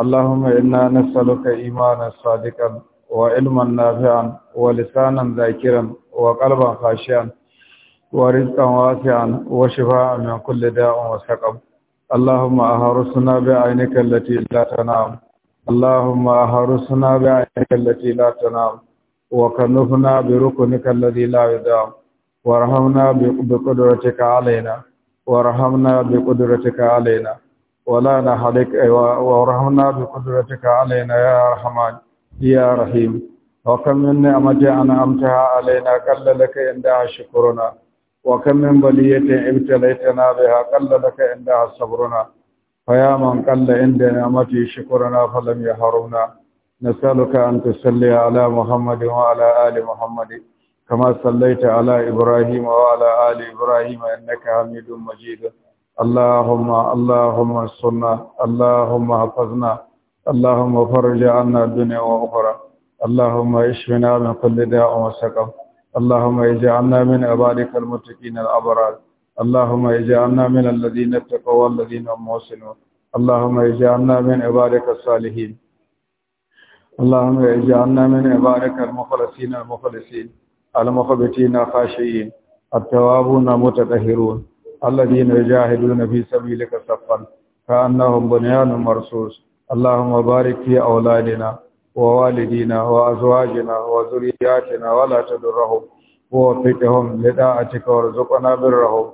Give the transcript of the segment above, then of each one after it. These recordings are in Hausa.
اللهم إنا نسألك إيمانا صادقا وعلما نافعا ولسانا ذاكرا وقلبا خاشعا ورزقا واسعا وشفاء من كل داء وسقم اللهم أهرسنا بعينك التي لا تنام اللهم أهرسنا بعينك التي لا تنام وكنفنا بركنك الذي لا يدام وارحمنا بقدرتك علينا وارحمنا بقدرتك علينا ولا نحرك وارحمنا بقدرتك علينا يا رحمن يا رحيم وكم من نعمة أنعمتها علينا قل لك عندها شكرنا وكم من بلية ابتليتنا بها قل لك عندها صبرنا فيا من قل عند نعمتي شكرنا فلم يحرمنا نسألك أن تصلي على محمد وعلى آل محمد كما صليت على إبراهيم وعلى آل إبراهيم إنك حميد مجيد اللهم اللهم استرنا اللهم حفظنا اللهم فرج عنا الدنيا واخرى اللهم اشفنا من كل داء وسقم اللهم اجعلنا من عبادك المتقين الابرار اللهم اجعلنا من الذين اتقوا والذين هم محسنون اللهم اجعلنا من عبادك الصالحين اللهم اجعلنا من عبادك المخلصين المخلصين المخبتين خاشعين التوابون متطهرون الذين يجاهدون في سبيلك صفا كأنهم بنيان مرصوص اللهم بارك في أولادنا ووالدينا وأزواجنا وذرياتنا ولا تدرهم ووفقهم لطاعتك وارزقنا برهم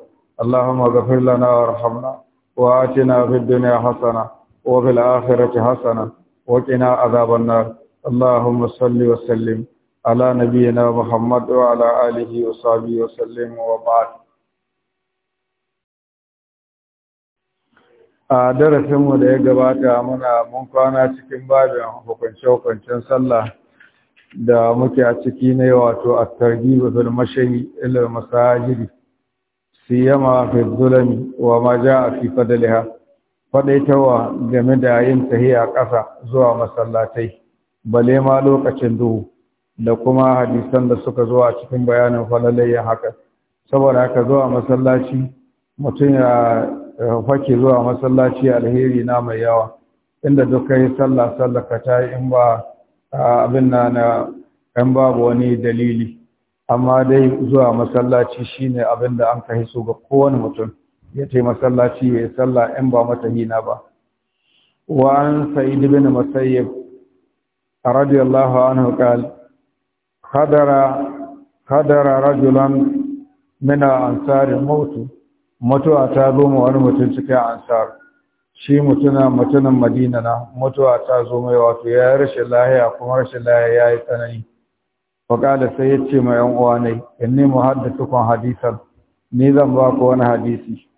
اللهم اغفر لنا وارحمنا وآتنا في الدنيا حسنة وفي الآخرة حسنة وقنا عذاب النار اللهم صل وسلم على نبينا محمد وعلى آله وصحبه وسلم وبعد a darasinmu da ya gabata muna mun kwana cikin babin hukunce-hukuncen sallah da muke a ciki ne wato at-targhib fil mashayi ila su yi yama fi zulami wa ma a fi fadliha fadaitawa game da yin tahiya ƙasa zuwa masallatai bale ma lokacin duhu da kuma hadisan da suka zo cikin bayanin falalayya haka saboda haka zuwa masallaci mutum ya fake zuwa masallaci alheri na mai yawa inda duk kai sallah sallah ka ta in ba abin na na babu wani dalili amma dai zuwa masallaci shine abin da an kai so ga kowane mutum ya ce masallaci ya yi sallah in ba mata hina ba wa an sa'id bin musayyib radiyallahu anhu qala hadara hadara rajulan mina ansar mutuwa ta zo ma wani mutum cikin ansar shi mutuna mutunan madina na mutuwa ta zo mai wato ya yi rashin lahiya kuma rashin lahiya ya yi tsanani faƙada sai ya ce ma yan uwa ne in ne mu haddasa kun hadisan ni zan ba ku wani hadisi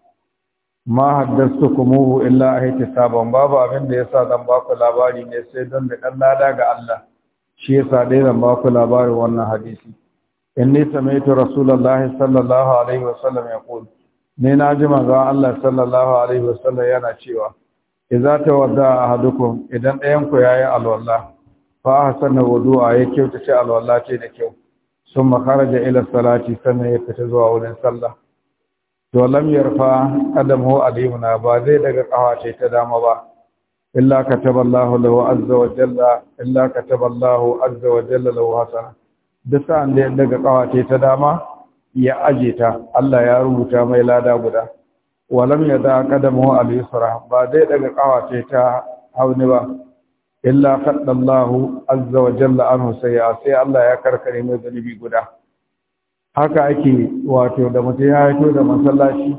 ma haddasta ku muhu illa a haiti sabon babu abin da ya sa zan ba ku labari ne sai don da ɗan lada ga Allah shi ya sa ɗaya zan ba ku labarin wannan hadisi in ne same ta rasulallah sallallahu alaihi wasallam ya ƙoli ne na ji manzon Allah sallallahu alaihi wasallam yana cewa idza tawadda ahadukum idan ɗayan ku yayi alwala fa ahsana wudu'a ta ce alwala ce da kyau summa kharaja ila salati sannan ya fita zuwa wurin sallah to lam yarfa qadamu alimuna ba zai daga ce ta dama ba illa kataballahu lahu azza wa jalla illa kataballahu azza wa jalla lahu hasana duk sa'an da ya daga ce ta dama ya aje ta Allah ya rubuta mai lada guda walam ya da kadamu al yusra ba dai daga kawace ta hauni ba illa qaddallahu azza wa jalla anhu sayya sai Allah ya karkare mai zalibi guda haka ake wato da mutum ya haito da masallaci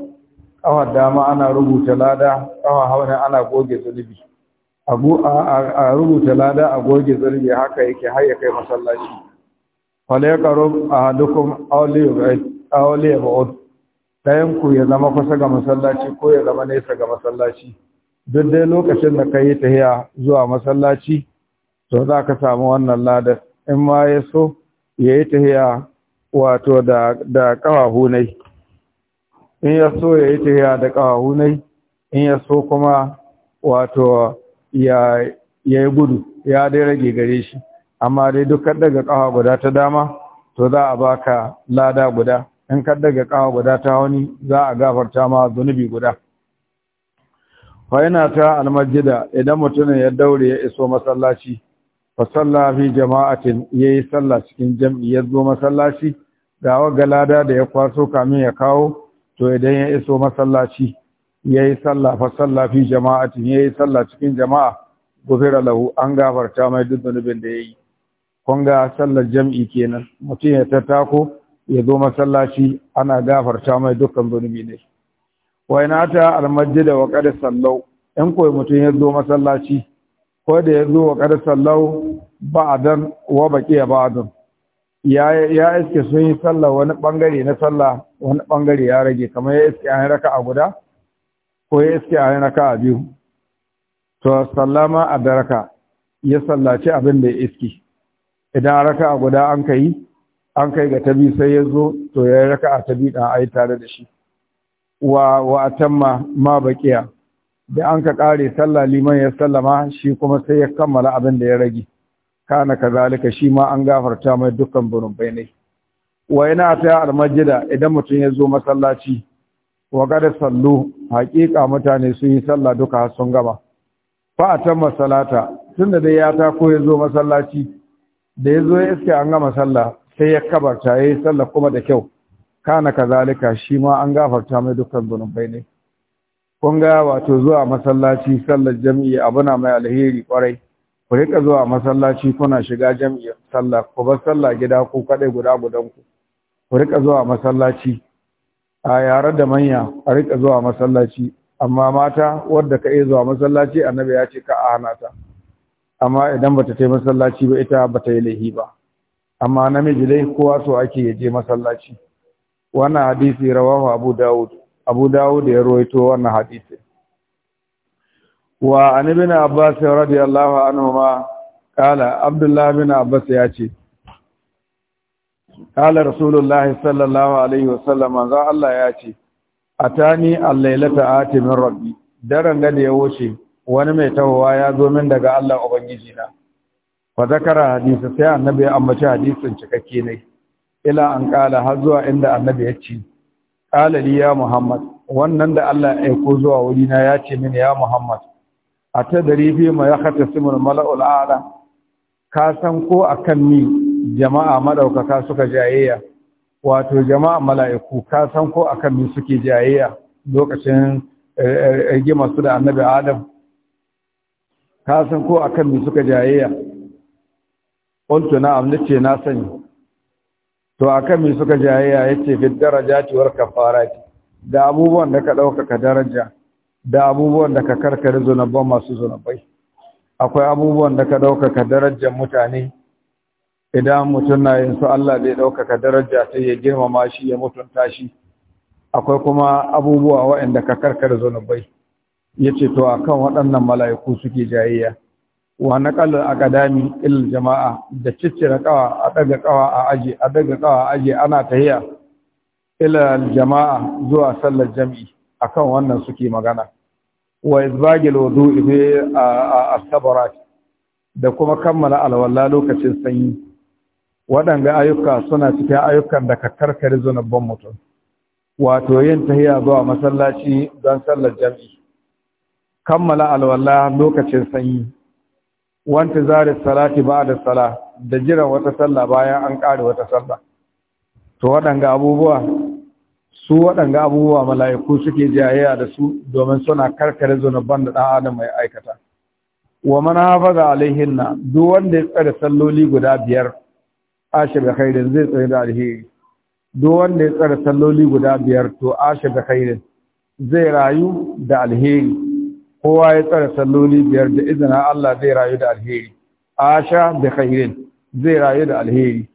kawar dama ana rubuta lada kawar hauni ana goge zalibi a rubuta lada a goge zalibi haka yake har ya kai masallaci fala ya karo a ba'ud ɗayan ku ya zama kusa ga masallaci ko ya zama nesa ga masallaci duk dai lokacin da ka yi tahiya zuwa masallaci to za ka samu wannan ladar in ma ya so ya yi tahiya wato da da ƙawahunai in ya so ya yi tahiya da ƙawahunai in ya so kuma wato ya yi gudu ya dai rage gare shi amma dai duk ka daga kawa guda ta dama to za a baka lada guda in ka daga kawa guda ta wani za a gafarta ma zunubi guda fa yana ta almajida idan mutumin ya daure ya iso masallaci fa salla fi jama'atin yayi sallah cikin jami'i ya zo masallaci ga waga lada da ya kwaso kamin ya kawo to idan ya iso masallaci yayi sallah fa salla fi jama'atin yayi sallah cikin jama'a gufira lahu an gafarta mai duk zunubin da yayi kun ga sallar jam'i kenan mutum ya tattako ya zo masallaci ana gafarta mai dukkan zunubi ne Wai na ta almajjid wa qad sallau in koyi mutum ya zo masallaci ko da ya zo wa qad sallau ba'dan wa ba ba'dan ya ya iske sun yi salla wani bangare na salla wani bangare ya rage kamar ya iske an a guda ko ya iske an a biyu to sallama adaraka ya sallaci abin da ya iske idan a guda an kai an kai ga tabi sai ya zo to ya raka a tabi dan ai tare da shi wa wa atamma ma baqiya da an ka kare sallah liman ya sallama shi kuma sai ya kammala abin da ya rage kana kazalika shi ma an gafarta mai dukkan zunubai ne wa yana ta almajida idan mutum ya zo masallaci wa kada sallu haƙiƙa mutane sun yi sallah duka sun gama fa atamma salata tunda dai ya ta ko ya zo masallaci da ya zo ya iske an gama sallah sai ya kabarta ya yi sallah kuma da kyau kana kazalika shi ma an gafarta mai dukkan zunubai ne kun ga wato zuwa masallaci sallar jam'i abu na mai alheri kwarai ku rika zuwa masallaci kuna shiga jam'i sallah ku bar sallah gida ku kadai guda gudan ku ku rika zuwa masallaci a yare da manya a rika zuwa masallaci amma mata wadda ka iya zuwa masallaci annabi ya ce ka a hana ta amma idan bata ta masallaci ba ita bata yi laihi ba amma namiji dai kowa so ake ya je masallaci wannan hadisi rawahu abu dawud abu dawud ya rawaito wannan hadisi wa an ibn abbas radiyallahu anhu ma kala abdullah ibn abbas ya ce kala rasulullahi sallallahu alaihi wasallam Za Allah ya ce atani al-lailata ati min rabbi daren gade ya wuce wani mai tahowa ya zo min daga Allah ubangiji na fa zakara hadisi sai annabi ya ambaci hadisin cikakke ne ila an kala har zuwa inda annabi ya ce kala li ya muhammad wannan da Allah ya aiko zuwa wuri na ya ce mini ya muhammad A dari fi ma ya khata simul malaul a'la ka san ko akan ni jama'a madaukaka suka jayayya wato jama'a mala'iku ka san ko akan ni suke jayayya lokacin eh, eh, rigima su da annabi adam ka san ko akan mi suka jayayya qultu na'am nace na sani to akan mi suka jayayya yace bi darajati fara kafarati da abubuwan da ka dauka ka daraja da abubuwan da ka karkare zunuban masu zunubai akwai abubuwan da ka ɗaukaka darajar mutane idan mutum na yin su Allah zai ɗaukaka daraja ta ya girmama shi ya mutunta shi akwai kuma abubuwa waɗanda ka karkare zunubai yace to a kan waɗannan mala'iku suke jayayya wa naqal aqdami il jama'a da ciccira kawa a daga kawa a aje a daga kawa a aje ana tahiya ila jama'a zuwa sallar jami'i akan wannan suke magana wa izbagil wudu'i bi as-sabarat da kuma kammala alwala lokacin sanyi waɗanga ayyuka suna cikin ayyukan da ka karkare zunubban mutum wato yin tahiya zuwa masallaci don sallar jami'i kammala alwala lokacin sanyi wanta zari salati ba da sala da jiran wata sallah bayan an ƙare wata sallah to waɗanga abubuwa su waɗanga abubuwa mala'iku suke jayayya da su domin suna karkare zunuban da ɗan adam mai aikata wa man hafaza alaihinna duk wanda ya tsare salloli guda biyar ashe da khairin zai tsare da alheri duk wanda ya tsare salloli guda biyar to ashe da khairin zai rayu da alheri kowa ya tsara salloli biyar da izina Allah zai rayu da alheri asha da khairin zai rayu da alheri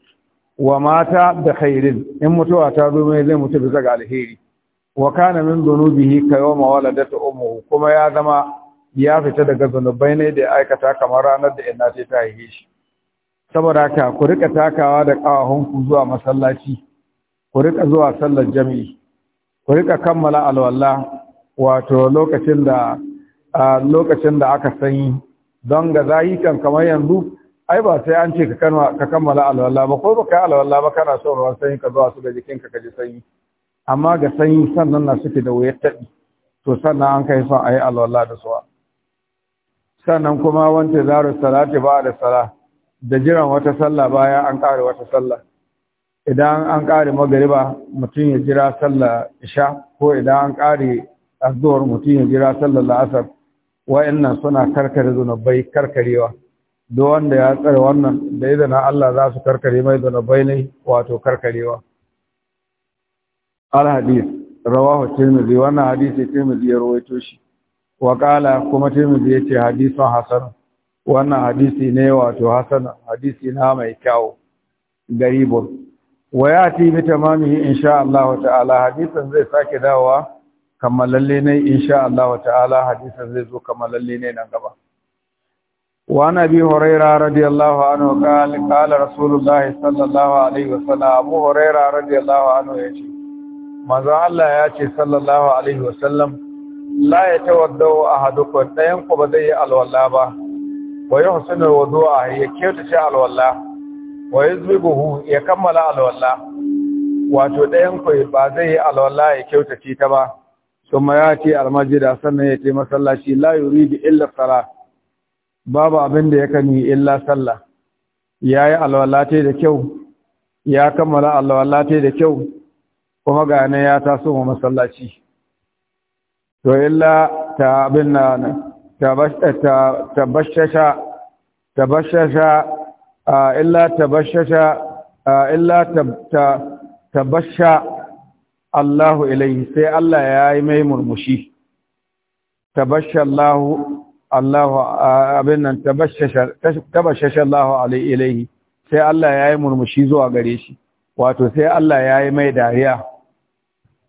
wa mata da khairin in mutuwa ta zo mai zai mutu bisa ga alheri wa kana min dunubihi ka yawma waladatu ummuhu kuma ya zama ya fita daga zanubai ne da aikata kamar ranar da ina ce ta haife shi saboda haka ku rika takawa da ku zuwa masallaci ku rika zuwa sallar jami'i ku rika kammala alwala wato lokacin da a lokacin da aka sanyi don ga zahi kan kamar yanzu ai ba sai an ce ka kammala alwala ba ko baka alwala ba kana son ruwan sanyi ka zuwa su ga jikin ka kaji sanyi amma ga sanyi sannan na suke da wuyar taɓi to sannan an kai son a yi alwala da suwa sannan kuma wanda zaru salati ba da sala da jiran wata sallah bayan an ƙare wata sallah idan an ƙare magariba mutum ya jira sallah isha ko idan an kare azuwar mutum ya jira sallar la'asar wa'annan suna karkare zunubai karkarewa duk wanda ya tsare wannan da izinin Allah za su karkare mai zunubai ne wato karkarewa al hadith rawahu tirmidhi wannan hadisi tirmidhi ya rawaito shi wa qala kuma tirmidhi yace hadisun hasan wannan hadisi ne wato hasan hadisi na mai kyau garibun wa yati bi tamamihi insha Allah ta'ala hadisin zai sake dawowa kammalalle ne insha Allah wa ta'ala hadisin zai zo kammalalle ne nan gaba wa nabi huraira radiyallahu anhu qala qala rasulullah sallallahu alaihi wasallam abu huraira radiyallahu anhu yace manzo Allah ya ce sallallahu alaihi wasallam la yatawaddau ahadukum dayan ku ba zai yi alwala ba wa yuhsinu wudu'a ya kyautace alwala wa yuzbihu ya kammala alwala wato dayan ku ba zai yi alwala ya kyautace ta ba ثم ياتي المسجد sannan ya ce لا يريد الا الصلاه salat babu abin da yakan yi illa sallah yayi alwalate da kyau ya kammala alwalate da kyau kuma ga ne ya taso mu masallaci to illa ta abin na tabashasha tabashasha illa tabashasha illa tabashasha Allahu ilaihi sai Allah ya yi mai murmushi tabasha Allahu Allahu abin nan tabashasha Allahu ilaihi sai Allah ya yi murmushi zuwa gare shi wato sai Allah ya yi mai dariya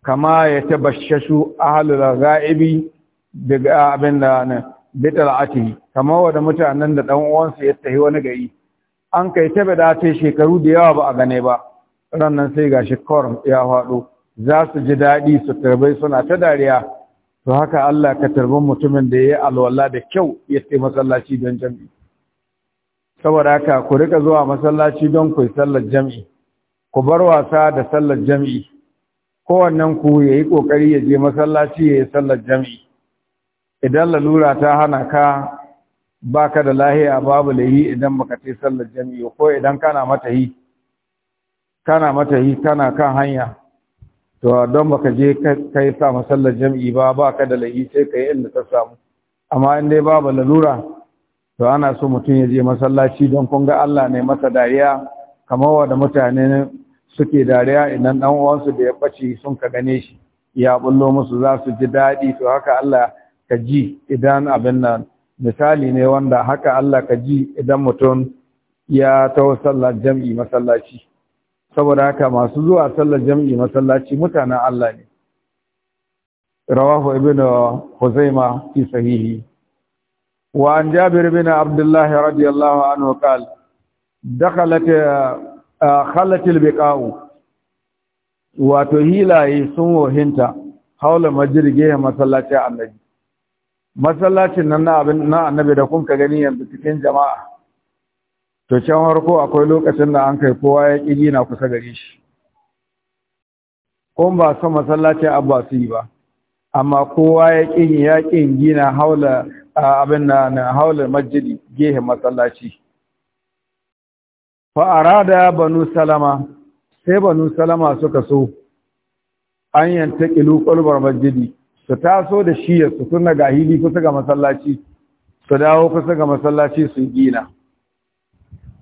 kama ya tabashashu ahlul ghaibi daga abin da bitar bital'ati kama wanda mutanen da dan uwansu ya tafi wani gari an kai ta bada shekaru da yawa ba a gane ba rannan sai gashi korum ya faɗo za su ji daɗi su tarbai suna ta dariya to haka Allah ka tarbi mutumin da ya yi alwala da kyau ya ce masallaci don jam'i saboda haka ku rika zuwa masallaci don ku yi sallar jam'i ku bar wasa da sallar jam'i kowannen ku ya yi ƙoƙari ya je masallaci ya yi sallar jam'i idan lalura ta hana ka baka da lahiya babu lahi idan baka ce sallar jam'i ko idan kana mata yi kana mata kana kan hanya to don baka je kai sa masallar jam'i ba ba ka da lahi sai ka yi inda ta samu amma in dai babu lalura to ana so mutum ya je masallaci don kun ga Allah ne masa dariya kamar wa da mutane suke dariya idan dan uwansu da ya bace sun ka gane shi ya bullo musu za su ji daɗi to haka Allah ka ji idan abin nan misali ne wanda haka Allah ka ji idan mutum ya ta sallar jam'i masallaci saboda haka masu zuwa sallar jam'i masallaci mutanen Allah ne rawahu ibnu huzaima fi sahihi wa an jabir bin abdullah radiyallahu anhu qal dakhalat uh, khalat albiqa'u wato hilaye sun wohinta haula majirge masallaci annabi masallacin nan na annabi da kun ka gani yanzu cikin jama'a to can harko akwai lokacin da an kai kowa ya ƙi na kusa gare shi kun ba san masallaci abu su yi ba amma kowa ya ƙi ya ƙi gina haula abin na na haula majidi gehen masallaci fa arada banu salama sai banu salama suka so an yanta ƙilu ƙulbar majidi su taso da shi su tun ga hili kusa ga masallaci su dawo kusa ga masallaci su gina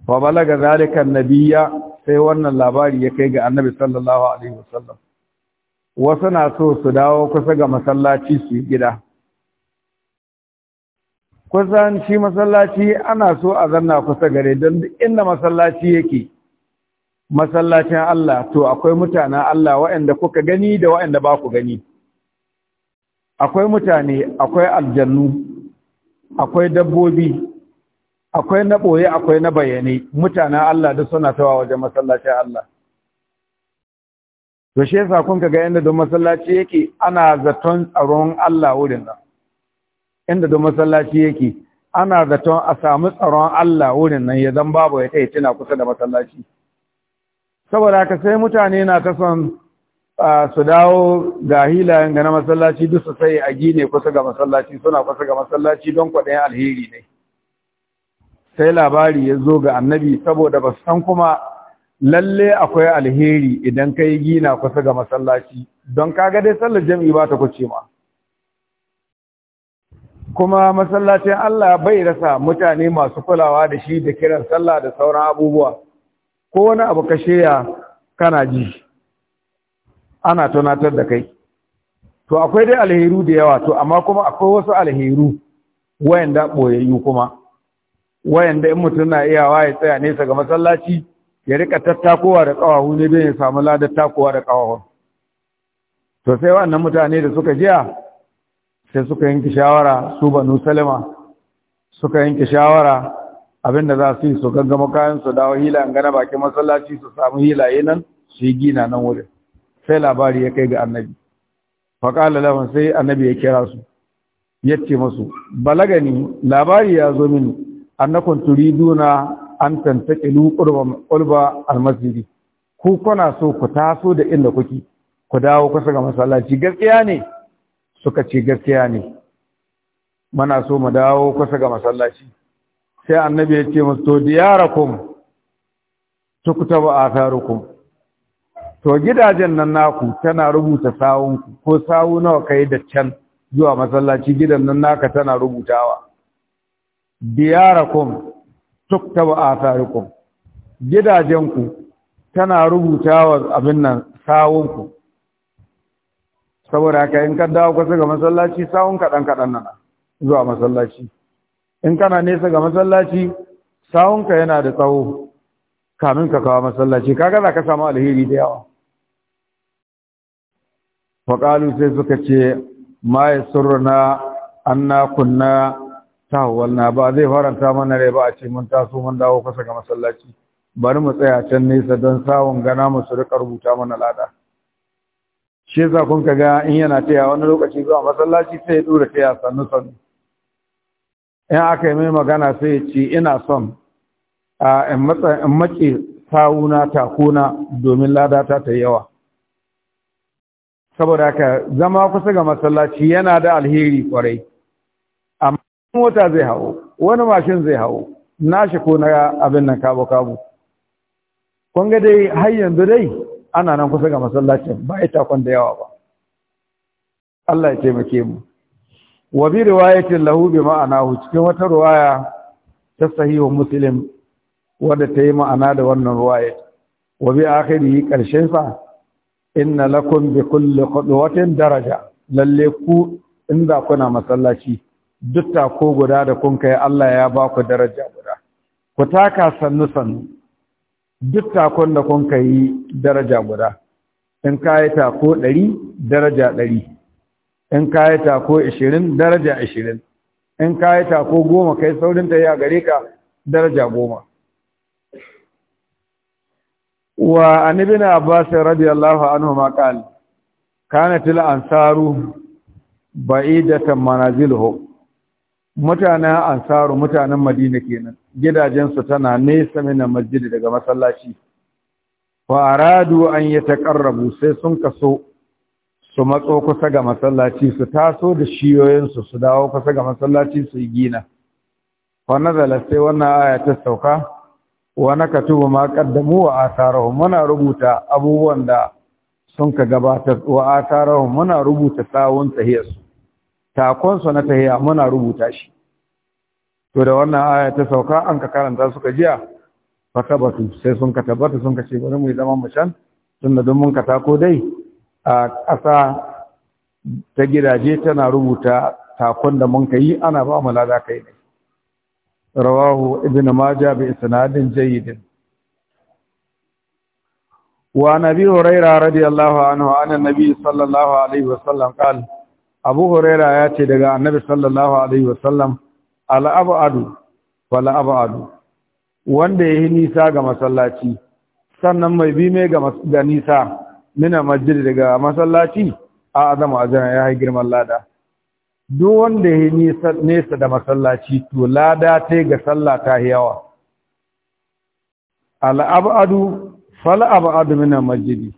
wa balaga zalika nabiyya sai wannan labari ya kai ga annabi sallallahu alaihi wasallam wasu na so su dawo kusa ga masallaci su yi gida kusan shi masallaci ana so a zanna kusa gare don inda masallaci yake masallacin Allah to akwai mutanen Allah waɗanda kuka gani da waɗanda ba ku gani akwai mutane akwai aljannu akwai dabbobi akwai na ɓoye akwai na bayyane mutanen Allah duk suna tawa wajen masallacin Allah to shi yasa kun ga yanda don masallaci yake ana zaton tsaron Allah wurin nan inda don masallaci yake ana zaton a samu tsaron Allah wurin nan ya zan babu ya tsaye na kusa da masallaci saboda haka sai mutane na ta son su dawo ga hilayen ga na masallaci duk su sai a gine kusa ga masallaci suna kusa ga masallaci don kwaɗayin alheri ne sai labari ya zo ga annabi saboda ba san kuma lalle akwai alheri idan ka gina kusa ga masallaci don kaga dai sallar jami'i ba ta kuce ma kuma masallacin Allah bai rasa mutane masu kulawa da shi da kiran sallah da sauran abubuwa ko wani abu ka sheya kana ji ana tunatar da kai to akwai dai alheru da yawa to amma kuma akwai wasu alheru wayanda boyayyu kuma wayanda in mutum na iyawa ya tsaya nesa ga masallaci ya rika tattakowa da kawahu ne don ya samu ladar takowa da kawahu to sai wannan mutane da suka jiya sai suka yanki shawara su banu Salima, suka yanki shawara abinda za su yi su gangama kayan su dawo hila an gana bakin masallaci su samu hilaye nan su yi gina nan wuri sai labari ya kai ga annabi faƙala lafin sai annabi ya kira su ya ce masu balagani labari ya zo mini annakum turiduna an tantaqilu qurba qurba almasjidi ku kuna so ku taso da inda kuke ku dawo kusa ga masallaci gaskiya ne suka ce gaskiya ne muna so mu dawo kusa ga masallaci sai annabi ya ce musu to diyarakum tuktabu atharukum to gidajen nan naku tana rubuta sawunku ko sawu nawa kai da can zuwa masallaci gidan nan naka tana rubutawa diyarakum tuktabu atharukum gidajenku tana rubutawa abin nan sawunku saboda ka in ka dawo kusa ga masallaci sawun kaɗan kaɗan nan zuwa masallaci in kana nesa ga masallaci sawunka yana da tsawo kamin ka kawo masallaci kaga za ka samu alheri da yawa faƙalu sai suka ce ma ya surna anna kunna tawalna ba zai faranta mana rai ba a ce mun taso mun dawo kusa ga masallaci bari mu tsaya can nesa don sawun gana mu su rika rubuta mana lada shi yasa kun ga in yana taya wani lokaci zuwa masallaci sai ya dora taya sannu sannu in aka yi mai magana sai ya ce ina son a in mace sawuna takuna domin lada ta ta yawa saboda haka zama kusa ga masallaci yana da alheri kwarai mota zai hawo wani mashin zai hawo nashi ko na abin nan kabo kabo kun ga dai har yanzu dai ana nan kusa ga masallacin ba ita kun da yawa ba Allah ya taimake mu wa bi riwayatin lahu bi ma'anahu cikin wata riwaya ta sahihu muslim wadda ta yi ma'ana da wannan riwaya wa bi akhirihi karshen sa inna lakum bi kulli khudwatin daraja lalle ku inda kuna masallaci duk ko guda da kun kai Allah ya ba ku daraja guda ku taka sannu sannu duk takon da kun kai daraja guda in ka yi tako ɗari daraja ɗari in ka yi tako ashirin daraja ashirin in ka yi tako goma kai saurin ta yi a gare ka daraja goma wa anibin abbas radiyallahu anhu ma qala kanat al ansaru ba'idatan manaziluhum mutanen ansaru mutanen madina kenan gidajensu tana nesa mina masjidi daga masallaci aradu an yi taƙarrabu sai sun kaso su matso kusa ga masallaci su taso da shiyoyinsu su dawo kusa ga masallaci su yi gina fanazala sai wannan aya ta sauka wa nakatubu ma qaddamu wa muna rubuta abubuwan da sun ka gabatar wa muna rubuta sawun tahiyarsu takonsa na tahiya muna rubuta shi to da wannan aya ta sauka an ka karanta suka jiya fa tabatu sai sun ka tabbata sun ka ce bari mu yi zaman mu can tunda don mun katako dai a ƙasa ta gidaje tana rubuta takon da mun ka yi ana ba mu lada kai ne rawahu Ibn majah bi isnadin jayyidin وعن ابي هريره رضي الله عنه عن النبي صلى الله عليه وسلم قال abu huraira ya ce daga annabi sallallahu alaihi wasallam al'abadu fal'abadu wanda ya yi nisa ga masallaci sannan mai bi mai ga nisa mina masjid daga masallaci a azama ajiyar ya yi girman lada duk wanda ya yi nesa da masallaci to lada ta ga sallah ta yawa al'abadu fal'abadu mina masjidi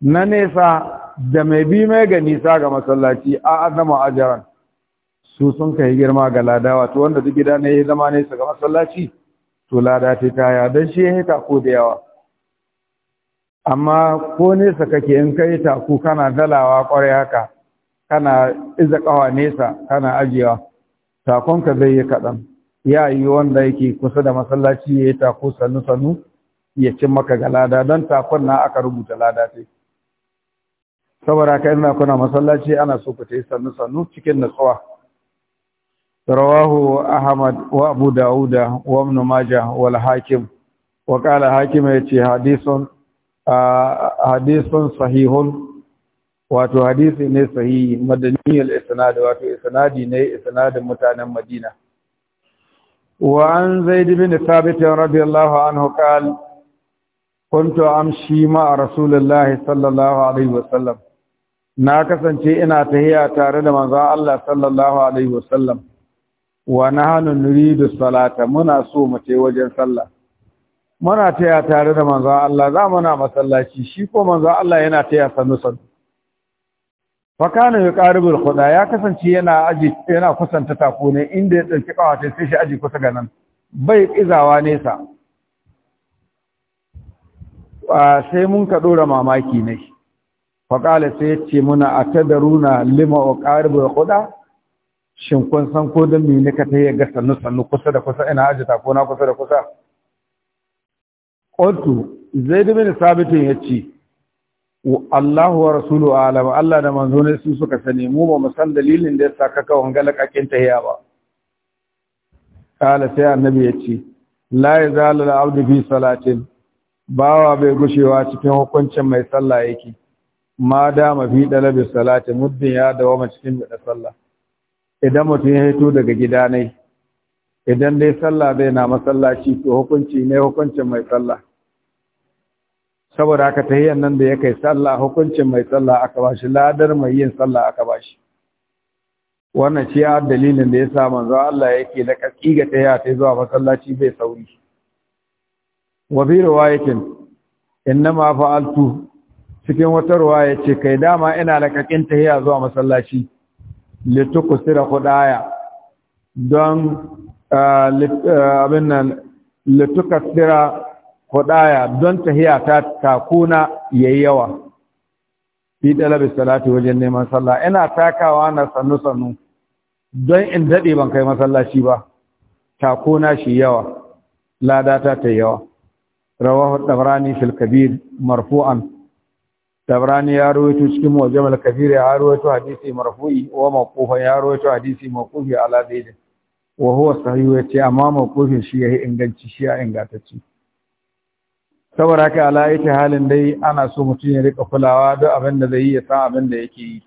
na nesa da mai bi mai ga nisa ga masallaci a azama ajaran su sun kai girma ga Ladawa. To wanda duk gida ne ya zama su ga masallaci to lada ta taya don shi ya tako da yawa amma ko nesa kake in kai taku kana dalawa kwarai haka kana iza kawa nesa kana ajiyewa takonka zai yi kaɗan ya yi wanda yake kusa da masallaci ya yi tako sannu sannu ya cin maka ga lada don takon na aka rubuta lada sai saboda haka ina kuna masallaci ana so ku tayi sannu sannu cikin nutsuwa rawahu ahmad wa abu dauda wa ibn majah wal hakim wa qala hakim yace hadithun hadithun sahihun wato hadisi ne sahihi al isnad wato isnadi ne isnadin mutanen madina wa an zaid bin thabit radiyallahu anhu qala kuntu amshi ma rasulullahi sallallahu alaihi wasallam na kasance ina tahiya tare da manzon Allah sallallahu alaihi wasallam wa nahnu nuridu salata muna so mu ce wajen sallah muna taya tare da manzon Allah za mu na masallaci shi ko manzon Allah yana taya sanu san fa kana yuqaribul khuda ya kasance yana aji yana kusanta tako ne inda ya dauki kawata sai shi aji kusa ga nan bai kizawa nesa sai mun ka dora mamaki ne faƙala sai ya ce muna a runa lima ƙari bai kuɗa shin kun san ko don me nika ta yi ga sannu sannu kusa da kusa ina ajita ko na kusa da kusa ƙuntu zai dubi da sabitin ya ce Allah wa rasulu alam Allah da manzo ne su suka sani mu ba mu san dalilin da ya sa kaka wangala kakin tahiya ba kala sai annabi ya ce la yazalu da abdu fi salatin bawa bai gushewa cikin hukuncin mai sallah yake ma dama fi dalabi salati muddin ya dawama cikin da sallah idan mutum ya hito daga gida ne idan dai sallah zai na masallaci to hukunci ne hukuncin mai sallah saboda aka tahiyyan nan da ya kai sallah hukuncin mai sallah aka bashi ladar mai yin sallah aka bashi wannan shi ya dalilin da ya sa manzo Allah yake da kaski ta ya sai zuwa masallaci bai sauri wa bi riwayatin innama fa'altu cikin wata ruwa ya ce kai dama ina da kakin tahiya zuwa masallaci littuku sira kudaya don abin nan littuka sira kudaya don tahiya ta takuna ya yi yawa fi dalabi salati wajen neman sallah ina takawa na sannu sannu don in daɗe ban kai masallaci ba takuna shi yawa ladata ta yawa rawahu tabrani fil filkabir marfu'an tabrani ya rawaito cikin mujamal kabir ya rawaito hadisi marfu'i wa mawqufa ya rawaito hadisi mawqufi ala zaid wa huwa sahih yace amma mawqufin shi yayi inganci shi ya ingantacci saboda haka ala ita halin dai ana so mutum ya rika kulawa da abin da zai yi ya san abin da yake yi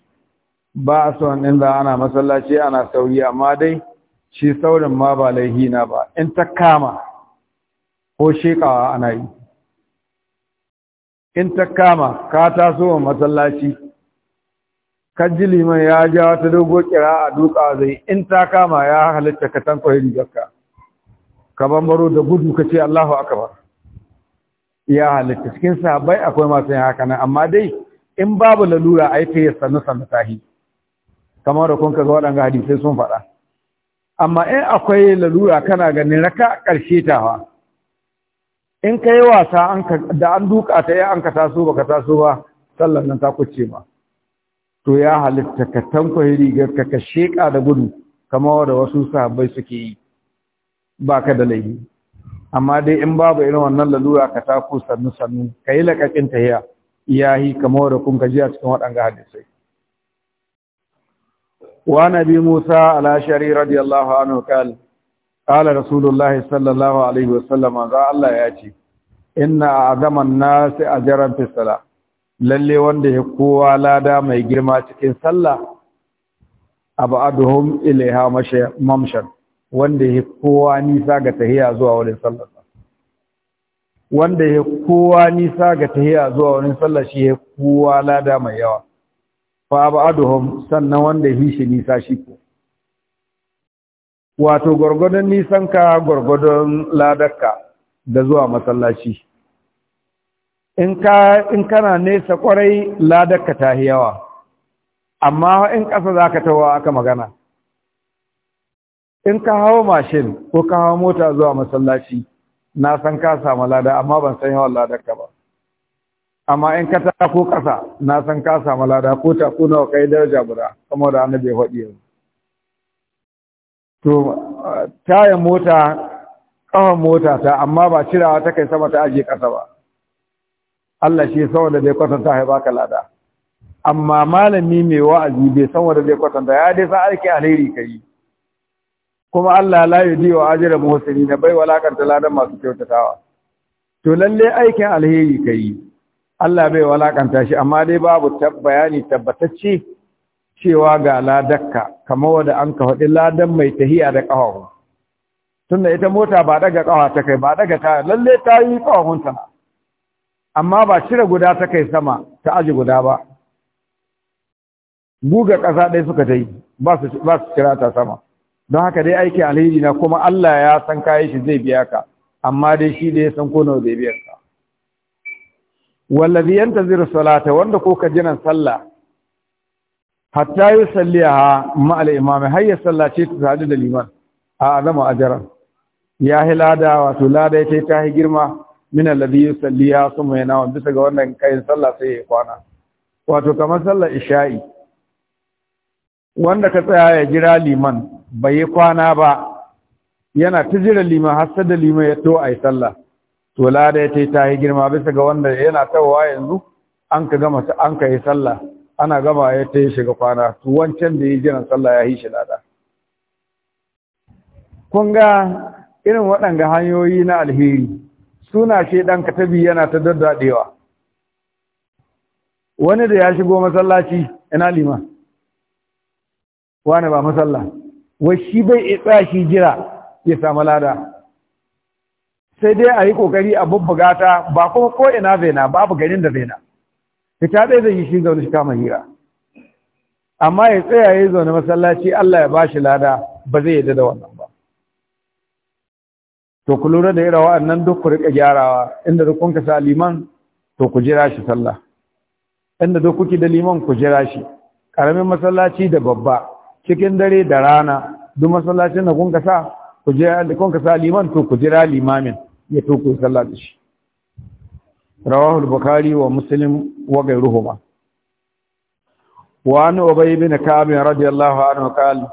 ba so an in za ana masallaci ana sauri amma dai shi saurin ma ba laihi na ba in ta kama ko shekawa ana yi in ta kama ka taso wa masallaci ji liman ya ja wata dogo kira a duka zai in ta kama ya halitta ka tanko jaka. ka bambaro da gudu ka ce Allahu akabar. ya halitta cikin sahabbai akwai masu yin haka nan amma dai in babu lalura a yi ta yi sannu sannu tahi kamar da kun ka ga waɗanga hadisai sun faɗa amma in akwai lalura kana ganin raka ƙarshe tawa in ka yi wasa da an duka ta yi an ka taso ba ka taso ba sallar nan ta kuce ba to ya halitta ka tankwaye rigar ka ka sheƙa da gudu kama da wasu sahabbai suke yi ba ka da laifi amma dai in babu irin wannan lalura ka tako sannu sannu ka yi laƙaƙin tahiya iyahi kama da kun ji a cikin waɗanga hadisai wa nabi musa ala shari radiyallahu anhu kal قال Rasulullahi الله Alaihi الله za Allah ya ce, Inna a اعظم الناس a jaran fisala, lalle wanda ya kowa lada mai girma cikin sallah, abu aduhum ilaiha mamshan, wanda ya kowa nisa ga tahiya zuwa wurin sallah. Wanda ya kowa nisa ga tahiya zuwa wurin sallah shi ya kowa lada mai yawa. Fa abu sannan wanda ya nisa shi ko. wato gwargwadon nisan ka gwargwadon ladarka da zuwa masallaci in kana nesa kwarai ladarka ta yawa amma in ƙasa za ka tawa aka magana in ka hawa mashin ko ka hawa mota zuwa masallaci na san ka samu lada amma ban san yawan ladarka ba amma in ka ta ko ƙasa na san ka samu lada ko ta kuna nawa kai daraja guda kamar da annabi ya faɗi yanzu to tayan mota ƙawar mota ta amma ba cirawa ta kai sama ta aje ƙasa ba Allah shi saboda bai kwatanta ya baka lada amma malami mai wa'azi bai san wanda zai kwatanta ya dai san aiki alheri kai kuma Allah la diwa ajira ajra na bai walakanta ladan masu kyautatawa to lalle aikin alheri kai Allah bai walakanta shi amma dai babu bayani tabbatacce cewa ga ladakka kamar wanda an ka faɗi ladan mai tahiya da ƙafafu tunda ita mota ba daga ƙafa ta kai ba daga ta lalle ta yi ƙafafun ta amma ba cire guda ta kai sama ta aji guda ba guga ƙasa ɗaya suka ta yi ba su kira ta sama don haka dai aiki alheri na kuma Allah ya san kayan shi zai biya ka amma dai shi da ya san ko nawa zai biya ka wallazi yantaziru salata wanda ko ka jiran sallah hatta yi salliya ma'al imami har ya sallace ta sadu da liman a azama ajara ya yi lada wato lada ya ce ta yi girma min alladhi kuma summa nawa, bisa ga wannan kayan sallah sai ya kwana wato kamar sallar isha'i wanda ka tsaya ya jira liman bai yi kwana ba yana ta jira liman har da liman ya to yi sallah to lada ya ce ta yi girma bisa ga wanda yana tawawa yanzu an ka gama an ka yi sallah ana gama ya ta yi shiga kwana to wancan da ya jiran sallah ya yi shi lada kun ga irin waɗanga hanyoyi na alheri suna ce ɗan katabi yana ta daddadewa wani da ya shigo masallaci ina liman wani ba masalla washi bai itsa shi jira ya samu lada sai dai a yi ƙoƙari a babba gata ba kuma ko ina zaina babu ganin da zaina fita ɗaya zai yi shi zaune shi kama hira amma ya tsaya ya zaune masallaci Allah ya bashi lada ba zai yadda da wannan ba to ku lura da irin wa'annan duk ku rika gyarawa inda duk kunka sa liman to ku jira shi sallah inda duk kuke da liman ku jira shi karamin masallaci da babba cikin dare da rana duk masallacin da kunka sa ku jira kun sa liman to ku jira limamin ya to ku sallah da shi رواه البخاري ومسلم وغيرهما وعن أبي بن كعب رضي الله عنه قال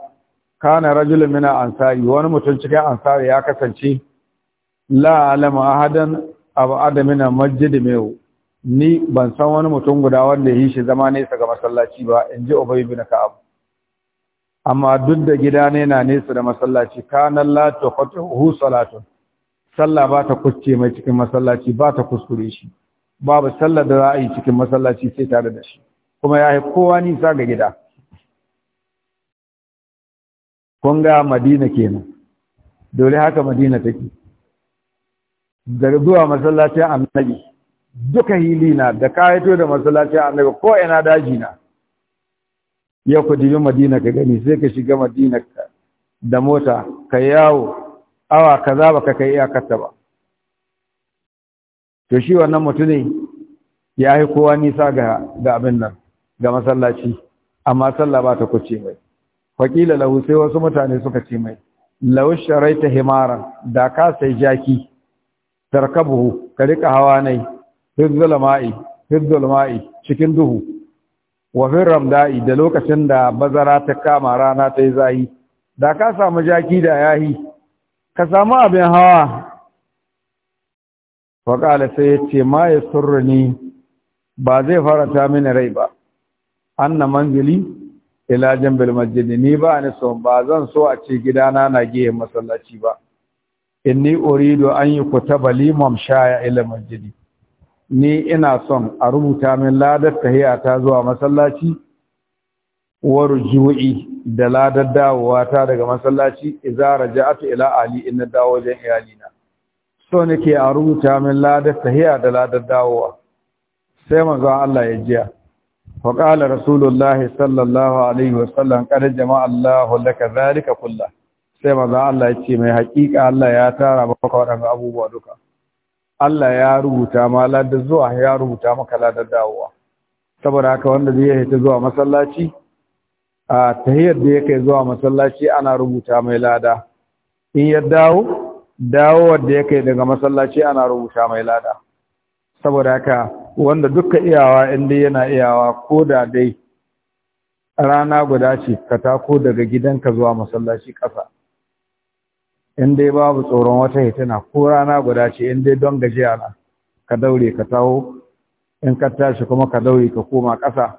كان رجل من الأنصار وأنا متنشك أنصار يا كسنشي لا أعلم أحدا أبعد من المسجد ميو ni ban san wani mutum guda wanda yi shi zama nesa ga masallaci ba in ji Ubay bin Ka'ab amma duk da gida ne na nesa da masallaci kana la tuqatu salatun sallah ba ta kusce mai cikin masallaci ba ta kuskure shi babu sallar da za a yi cikin masallaci sai tare da shi kuma ya yi kowa nisa ga gida kun ga madina kenan dole haka madina take daga zuwa masallacin annabi duka hili na da kayato da masallacin annabi ko ina daji na ya ku dibi madina ka gani sai ka shiga madina da mota ka yawo awa kaza baka kai iyakarta ba to shi wannan mutune ya yi kowa nisa ga abin nan ga masallaci amma sallah ba ta kuce mai wakila lahu sai wasu mutane suka ce mai law sharaita himara da ka sai jaki tarkabuhu ka rika hawa nai hizzul ma'i cikin duhu wa ramda'i da lokacin da bazara ta kama rana ta yi da ka samu jaki da yahi ka samu abin hawa faƙala sai ya ce ma ya surrani ba zai farata mini rai ba anna manzili ila jambil masjidi ni ba ni so ba zan so a ce gidana na gehen masallaci ba inni orido an yi kutaba limam shaya ilimin jini." ni ina son a rubuta min ladar tahiyata zuwa masallaci wa ju'i da ladar dawowa ta daga masallaci izara raja'atu ila ali in dawo wajen iyali so nake a rubuta min ladar tahiya da ladar dawowa sai manzon Allah ya jiya fa qala rasulullahi sallallahu alaihi wa sallam? qad jama'a Allahu laka zalika kullu sai manzon Allah ya ce mai haƙiƙa Allah ya tara maka waɗannan abubuwa duka Allah ya rubuta ma ladar zuwa ya rubuta maka ladar dawowa saboda haka wanda zai yi ta zuwa masallaci a tahiyar da yake zuwa masallaci ana rubuta mai lada in ya dawo dawowar da ya kai daga masallaci ana rubuta mai lada saboda haka wanda duka iyawa inda yana iyawa ko da dai rana guda ce ka tako daga gidanka zuwa masallaci ƙasa in dai babu tsoron wata hitina ko rana guda ce in dai don gajiya na ka daure ka taho in ka tashi kuma ka daure ka koma ƙasa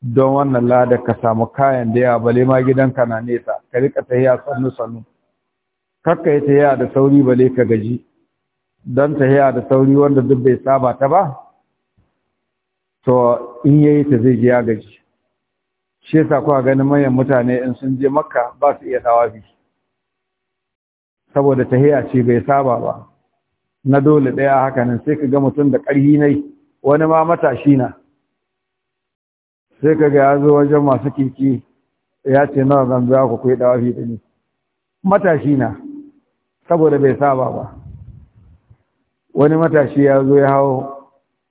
don wannan lada ka samu kayan da ya bale ma gidanka na nesa ka rika tahiya sannu sannu kakka yi tahiya da sauri bale ka gaji don tahiya da sauri wanda duk bai saba ta ba to in yayi ta zai ji ya gaji shi yasa kuka ganin manyan mutane in sun je makka ba su iya dawafi saboda tahiya ce bai saba ba na dole ɗaya haka nan sai ka ga mutum da ƙarhi nai wani ma matashi na sai ka ga ya zo wajen masu kiki ya ce nawa zan biya ku kuwa dawafi da ni matashi na saboda bai saba ba wani matashi ya zo ya hau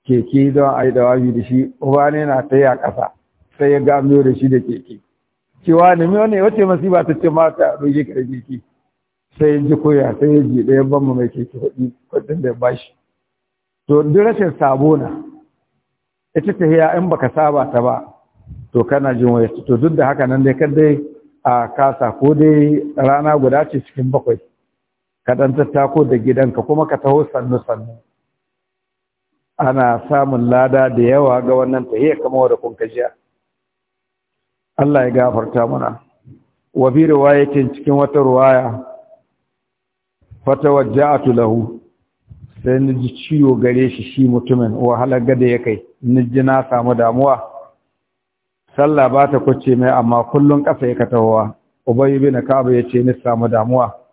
keke don a yi dawabi da shi uba ne na ta yi a ƙasa sai ya gamiyo da shi da keke cewa ne mai wani wace masifa ta ce mata roge ka da sai ya ji koya sai ya ji ɗaya ban mai keke kuɗi kuɗin da ba shi to duk rashin sabo na ita ta hiya in baka saba ta ba to kana jin waya to duk da haka nan dai kadai a kasa ko dai rana guda ce cikin bakwai ka ɗan tattako da gidanka kuma ka taho sannu-sannu ana samun lada da yawa ga wannan tahiyya kama da kun kajiya Allah ya gafarta muna wa bi riwayatin cikin wata riwaya wajja'atu lahu sai ni ji ciwo gare shi shi mutumin wahalar gada ya kai ni ji na samu damuwa sallah ba ta kwace mai amma kullun ƙasa ya katawa ubay bin ka'ab ya ce ni samu damuwa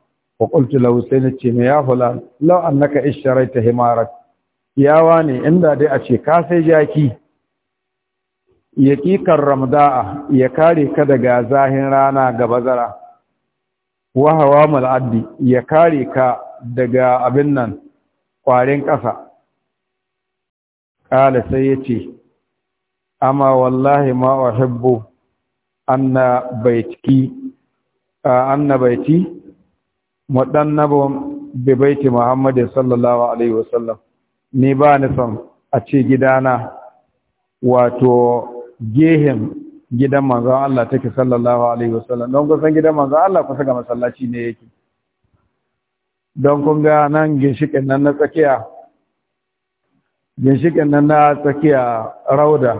fa qultu lahu sai na ce me ya fulan law annaka ishtaraita himarak yawa ne inda dai a ce ka sai jaki ya kikar ramda'a ya kare ka daga zahin rana ga bazara wa hawa mal'addi ya kare ka daga abin nan ƙwarin ƙasa ƙala sai ya ce amma wallahi ma uhibbu anna baiti anna baiti muɗannabun bi baiti Muhammadu sallallahu alaihi wasallam ni ba ni son a ce gidana wato gehen gidan manzon Allah take sallallahu alaihi wasallam don kusan gidan manzon Allah kusa ga masallaci ne yake don kun ga nan ginshikin nan na tsakiya ginshikin nan na tsakiya rauda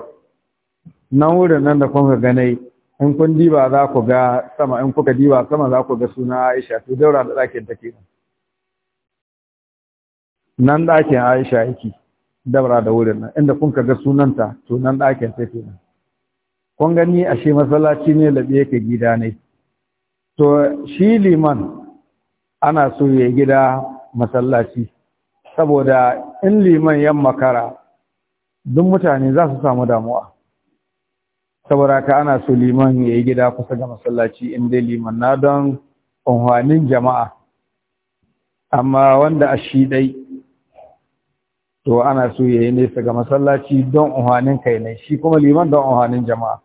nan wurin nan da kun ga ganai in kun diba za ku ga sama in kuka diba sama za ku ga suna Aisha to daura da ɗakin take nan ɗakin Aisha yake daura da wurin nan inda kun ga sunanta to nan ɗakin take nan kun gani ashe masallaci ne labe yake gida ne to shi liman ana so ya gida masallaci saboda in liman yan makara duk mutane za su samu damuwa saboda ka ana so liman ya yi gida kusa ga masallaci in dai liman na don unhwanin jama'a amma wanda a shi dai to ana so ya yi nesa ga masallaci don unhwanin kai ne shi kuma liman don unhwanin jama'a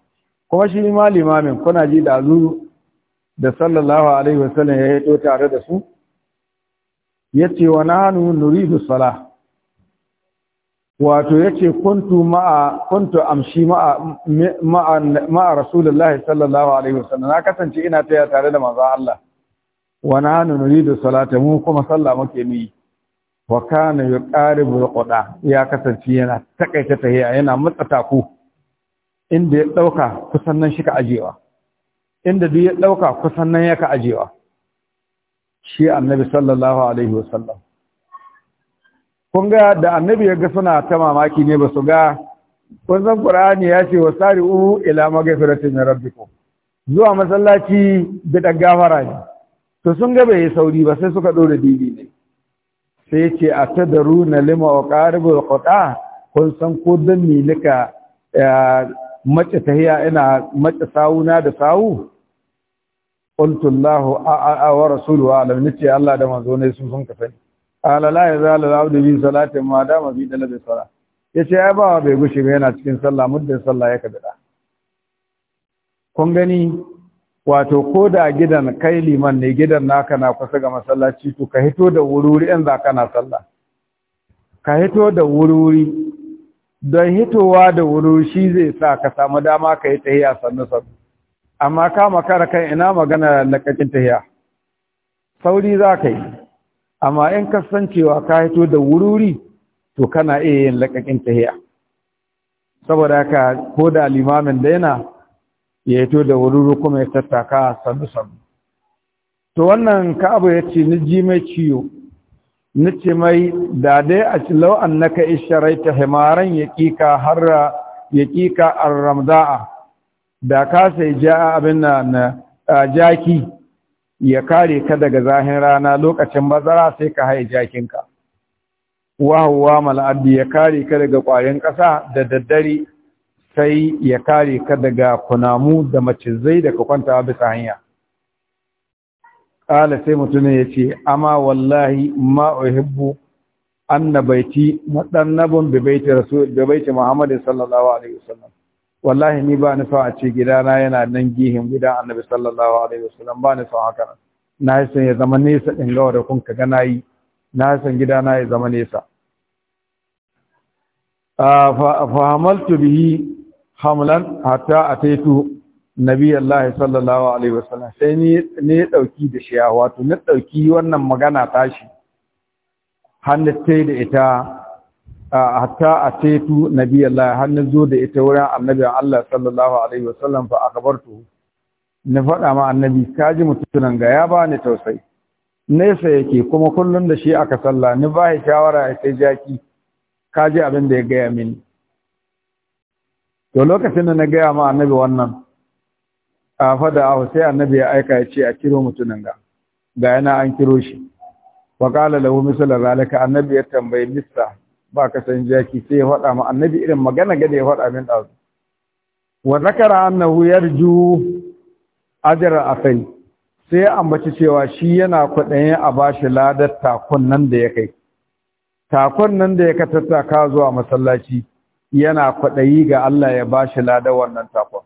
kuma shi ma limamin kuna ji da zu da sallallahu alaihi wasallam ya hito tare da su yace wa nanu nuridu salah wato yace kuntu kuntu amshi ma'a ma'a rasulullahi sallallahu alaihi wasallam na kasance ina taya tare da manzo Allah wa nahnu da salata mu kuma sallah muke ni wa kana yuqaribu alqada ya kasance yana takaita tahiya yana matsata ku inda ya dauka kusan nan shi ka ajewa inda duk ya dauka kusan nan ya ka ajewa shi annabi sallallahu alaihi wasallam kun ga da annabi ya ga suna ta mamaki ne ba su ga kun san qur'ani ya ce wa sari'u ila maghfiratin min rabbikum zuwa masallaci da dan gafara ne to sun ga bai sauri ba sai suka dora dibi ne sai ce a na lima wa qaribul qata kun san ko don ni nika mace ta tahiya ina mace sawuna da sawu ƙuntun lahu a wa rasuluhu alam ce allah da manzo ne sun sun ka sani ala la yazalu al salatin ma dama bi dalabi salat yace ai ba bai gushe ba yana cikin sallah muddin sallah ya kabida kun gani wato ko da gidan kai liman ne gidan naka na kusa ga masallaci to ka hito da wuri in za kana sallah ka hito da wuri don hitowa da wuri shi zai sa ka samu dama ka yi tahiya sannu sannu amma ka makara kan ina magana lakakin tahiya sauri za ka yi amma in cewa ka hito da wururi to kana iya yin laƙaƙin tahiya saboda haka ko da limamin da yana ya hito da wururi kuma ya tattaka sannu sannu to wannan ka abu ya ce ni ji mai ciwo ni ce mai da dai a ci lau annaka ta himaran yaqiqa harra ka ar ramza'a da ka sai ja abin na jaki ya kare ka daga zahin rana lokacin bazara sai ka haye jakinka wahawa mal'abdi ya kare ka daga ƙwayen ƙasa da daddare sai ya kare ka daga kunamu da macizai da ka kwanta bisa hanya ƙala sai mutumin ya ce amma wallahi ma'uhibbu annabaiti maɗannabin baiti muhammadin sallallahu alaihi wasallam wallahi ni ba ni son a ce gidana yana nan gihin gidan annabi sallallahu alaihi wasallam ba ni son haka na yi son ya zama nesa ɗin gawa da kun kaga na yi na yi son gidana ya zama nesa fahamaltu bihi hamlan hatta ataitu nabi Allah sallallahu alaihi wasallam sai ni ne dauki da shi wato ni dauki wannan magana tashi Hannu hannatai da ita hatta a taitu nabi Allah har zo da ita wurin annabi Allah sallallahu alaihi wasallam fa akhbartu na faɗa ma annabi kaji mutunan ga ya bani tausayi nesa yake kuma kullum da shi aka sallah ni ba shawara ya kai jaki kaji abin da ya gaya mini to lokacin da na gaya ma annabi wannan a fada ahu sai annabi ya aika ya ce a kiro mutunan ga ga yana an kiro shi wa qala lahu da zalika annabi ya tambayi mista ba ka san jaki sai ya faɗa ma annabi irin magana da ya faɗa min ɗazu wa zakara annahu yarju ajra akai sai ya ambaci cewa shi yana kuɗin a bashi ladar takon nan da ya kai takon nan da ya katattaka zuwa masallaci yana kudayi ga Allah ya bashi ladar wannan takon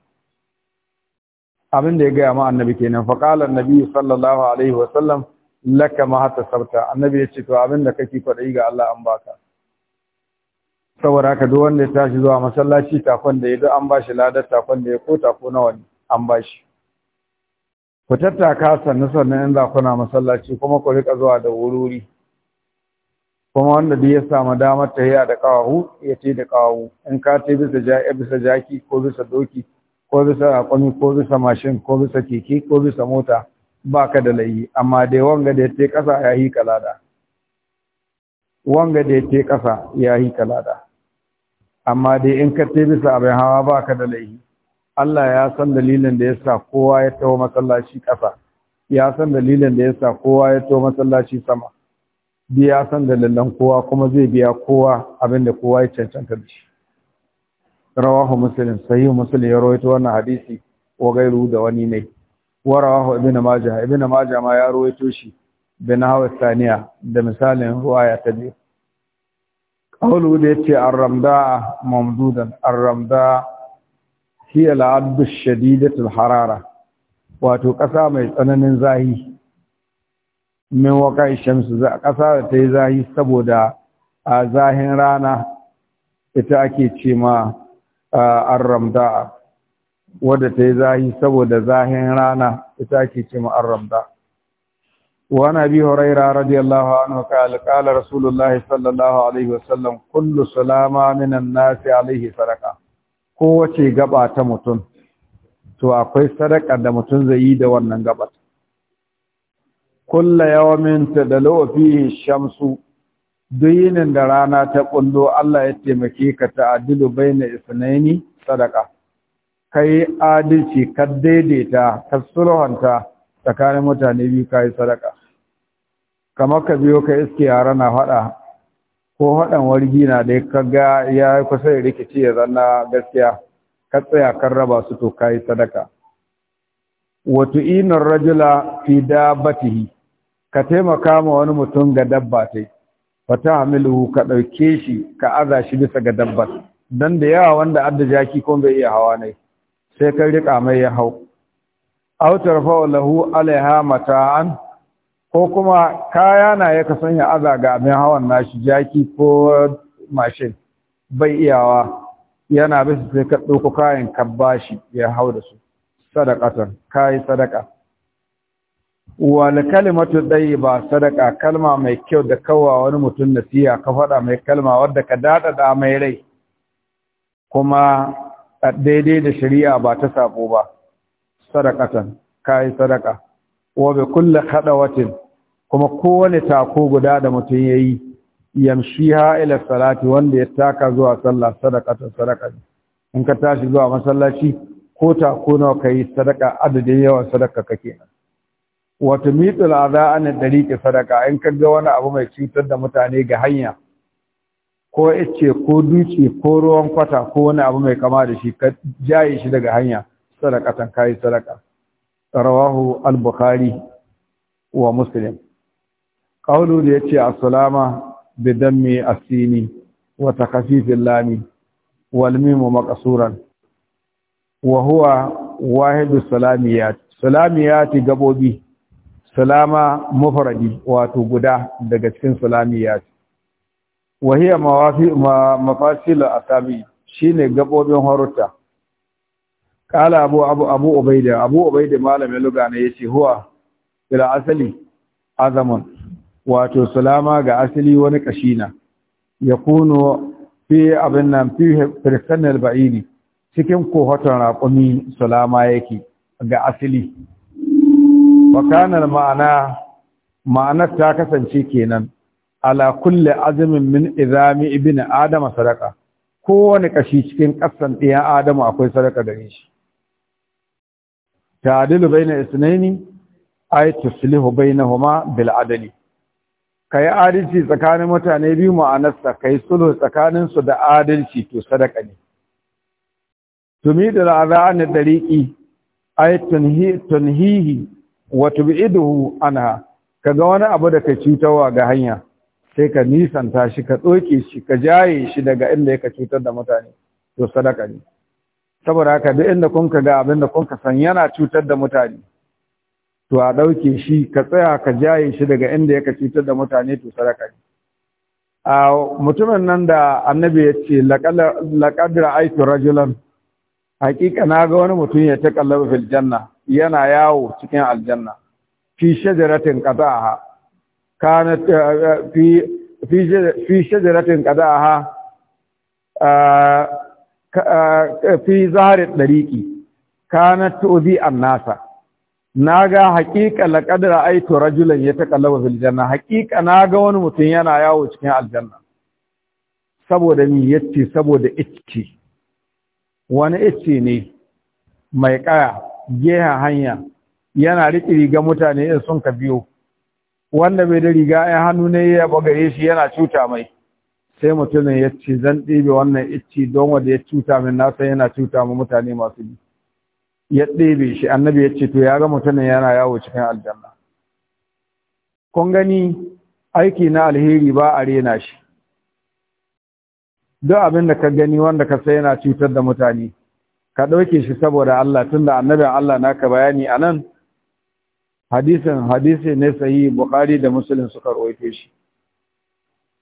abin da ya gaya ma annabi kenan qala annabi sallallahu alaihi wasallam laka ma hatta sabta annabi ya ce to abin da kake kwaɗayi ga Allah an baka saboda haka duk wanda ya tashi zuwa masallaci takon da ya duk an bashi ladar takon da ya ko tako nawa an bashi ku tattaka sannu sannan in za kuna masallaci kuma ku rika zuwa da wuri kuma wanda duk ya samu damar ta yi da kawahu ya ce da kawahu in ka ce bisa ja'i bisa jaki ko bisa doki ko bisa raƙumi ko bisa mashin ko bisa keke ko bisa mota ba ka da layi amma dai wanga da ya ce kasa ya yi kalada wanga da ya ce ƙasa ya yi kalada amma dai in ka tebe su abin hawa ba ka da laihi Allah ya san dalilin da ya sa kowa ya taho masallaci ƙasa ya san dalilin da ya sa kowa ya taho masallaci sama biya san dalilan kowa kuma zai biya kowa abin da kowa ya cancanta da shi rawahu muslim sahih muslim ya rawaito wannan hadisi wa gairu da wani ne wa rawahu ibnu majah ibnu majah ma ya rawaito shi bin hawa saniya da misalin ruwaya ta biyu Ƙaulu da ya ce arramda mamdudan arramda hiya la'addu shadidatul harara wato ƙasa mai tsananin zahi min waƙa shamsu ƙasa da ta yi zahi saboda a zahin rana ita ake ce ma arramda wadda ta yi zahi saboda zahin rana ita ake ce ma arramda وعن ابي هريره رضي الله عنه قال قال رسول الله صلى الله عليه وسلم كل سلامة من الناس عليه صدقه kowace gaba ta mutum to akwai sadaka da mutum zai yi da wannan gabar kulla yawanta da fihi shamsu duk da rana ta kullo Allah ya taimake ka ta'adilu baina isnaini sadaka kai adalci ka daidaita ka sulhunta tsakanin mutane biyu kai sadaka kamar ka biyo ka iske yara na faɗa ko haɗan wargi na da ka ga ya kusa ya rikici ya zanna gaskiya ka tsaya kan raba su to ka yi sadaka wato inar rajula fi batihi ka taimaka ma wani mutum ga dabba tai fata hamilu ka ɗauke shi ka aza shi bisa ga dabbar dan da yawa wanda adda jaki ko bai iya hawa ne sai kai rika mai ya hau Autar tarfa'u lahu alaiha mata'an ko kuma kaya na ya kasan ya aza ga abin hawan nashi jaki ko mashin bai iyawa yana bisa sai ka ɗauko kayan ka bashi ya hau da su sadaqatan kayi sadaka wal kalimatu ba sadaka kalma mai kyau da kawa wani mutum nasiha ka faɗa mai kalma wadda ka dada da mai rai kuma daidai da shari'a ba ta sabo ba sadaqatan kayi sadaka wa bi kulli khadawatin kuma kowane tako guda da mutum ya yi yamshiha ila salati wanda ya taka zuwa sallah sadaka ta in ka tashi zuwa masallaci ko tako nawa ka yi sadaka adadin yawan sadaka ka kenan wato mitul aza an ke sadaka in ka ga wani abu mai cutar da mutane ga hanya ko ice ko duci ko ruwan kwata ko wani abu mai kama da shi ka jaye shi daga hanya sadakatan kayi sadaka rawahu al-bukhari wa muslim ƙaunu da ya ce a da bi mai asini wata kafifin lami walmimu makasuran maqsuran wa huwa wahidu salamiyat salamiyati gabobi salama mafaradi wato guda daga cikin salamiyat wa hiya mawafi mafasil shi ne gabobin harutta kala abu abu abu ubaida abu ubaida malamin lugana ce, huwa ila asali azamun wato Salama ga asali wani kashi na ya kuno fi abin nan fi firsanil ba'ini cikin kohoton raƙumi Salama yake ga asali Bakanar ma'ana ma'anar ta kasance kenan ala kulle azumin min izami ibin adama sadaka kowane kashi cikin ƙasan ɗaya adama akwai sadaka da shi Ta bai baina isnaini bai na huma bil adali. ka yi adalci tsakanin mutane biyu ma'anarsa ka yi sulhu tsakaninsu da adalci to sadaka ne tumi da la'aza ni dariki ay tunhihi wa tub'iduhu anha kaga wani abu da ka cutarwa ga hanya sai ka nisanta shi ka tsoke shi ka jaye shi daga inda ka cutar da mutane to sadaka ne saboda haka duk inda kun ka ga abin da kun ka san yana cutar da mutane to a ɗauke shi ka tsaya ka jaye shi daga inda yaka cutar da mutane to sadaka ne a mutumin nan da annabi ya ce laƙadar aiki rajulan Hakika na ga wani mutum ya ta fil janna yana yawo cikin aljanna fi shajaratin a ha, eh, eh, fi fi fi a ha, eh, fi zahar ɗariƙi, kanat an nasa. na ga haƙiƙa laƙadar aito rajulan ya ta fil filjanna haƙiƙa na ga wani mutum yana yawo cikin aljanna saboda ni yace saboda iski wani iski ne mai ƙaya gehen hanya yana riƙe riga mutane in sun ka biyo wanda bai da riga ya hannu ne ya bagare shi yana cuta mai sai mutumin ya ce zan ɗebe wannan ici don wanda ya cuta min na san yana cuta ma mutane masu bi ya ɗebe shi annabi ya ce to ya ga mutumin yana yawo cikin aljanna kun gani aiki na alheri ba a rena shi duk abin da ka gani wanda ka sai yana cutar da mutane ka ɗauke shi saboda Allah tunda annabin Allah naka bayani a nan hadisin hadisi ne sayi Bukhari da musulun suka roƙe shi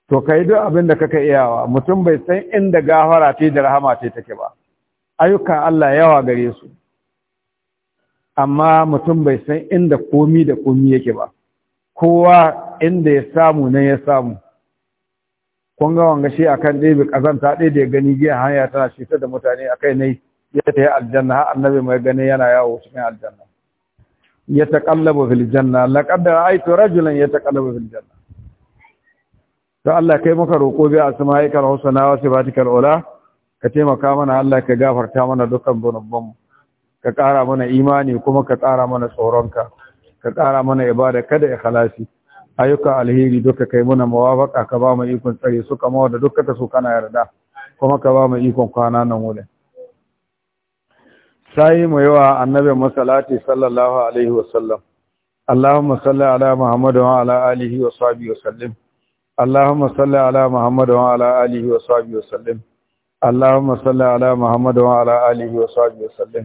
to kai duk abin da kaka iyawa mutum bai san inda gafara ce da rahama ce take ba ayyukan Allah yawa gare su amma mutum bai san inda komi da komi yake ba kowa inda ya samu nan ya samu kun ga wanga shi akan ɗebe ƙazanta ɗaya da ya gani giya hanya tana shita da mutane a kai ne ya ta yi aljanna har annabi mai gani yana yawo cikin aljanna ya taƙallaba fil janna laqad ra'aytu rajulan yataqallabu fil janna to Allah kai maka roƙo bi asma'ikal husna wa sifatikal ula ka taimaka mana Allah ka gafarta mana dukkan zunubanmu ka ƙara mana imani kuma ka ƙara mana tsoronka ka ƙara mana ibada kada ya ikhlasi ayyuka alheri duka kai muna mawafaka ka ba mu ikon tsare su kama wanda duka ta so kana yarda kuma ka ba mu ikon kwana nan wurin sai mu yawa annabi masallati sallallahu alaihi wasallam Allahumma salli ala Muhammad wa ala alihi wa sahbihi wa sallim Allahumma salli ala Muhammad wa ala alihi wa sahbihi wa sallim Allahumma salli ala Muhammad wa ala alihi wa sahbihi wa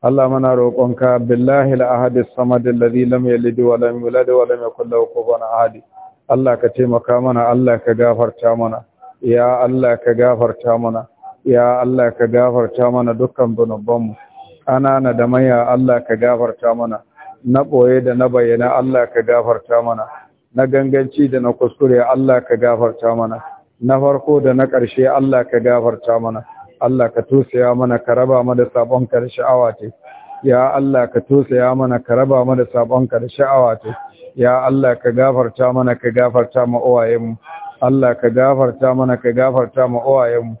Allah muna roƙonka billahi al-ahad as-samad alladhi lam yalid wa lam yulad wa lam yakul lahu kufuwan ahad Allah ka taimaka mana Allah ka gafarta mana ya Allah ka gafarta mana ya Allah ka gafarta mana dukkan zunubanmu anana da maya Allah ka gafarta mana na boye da na bayyana Allah ka gafarta mana na ganganci da na kuskure Allah ka gafarta mana na farko da na ƙarshe Allah ka gafarta mana Allah ka tosaya mana ka raba mu da sabon ka da sha'awa ce ya Allah ka tosaya mana ka raba mu da sabon ka da sha'awa ce ya Allah ka gafarta mana ka gafarta ma uwayenmu. Allah ka gafarta mana ka gafarta ma uwayenmu.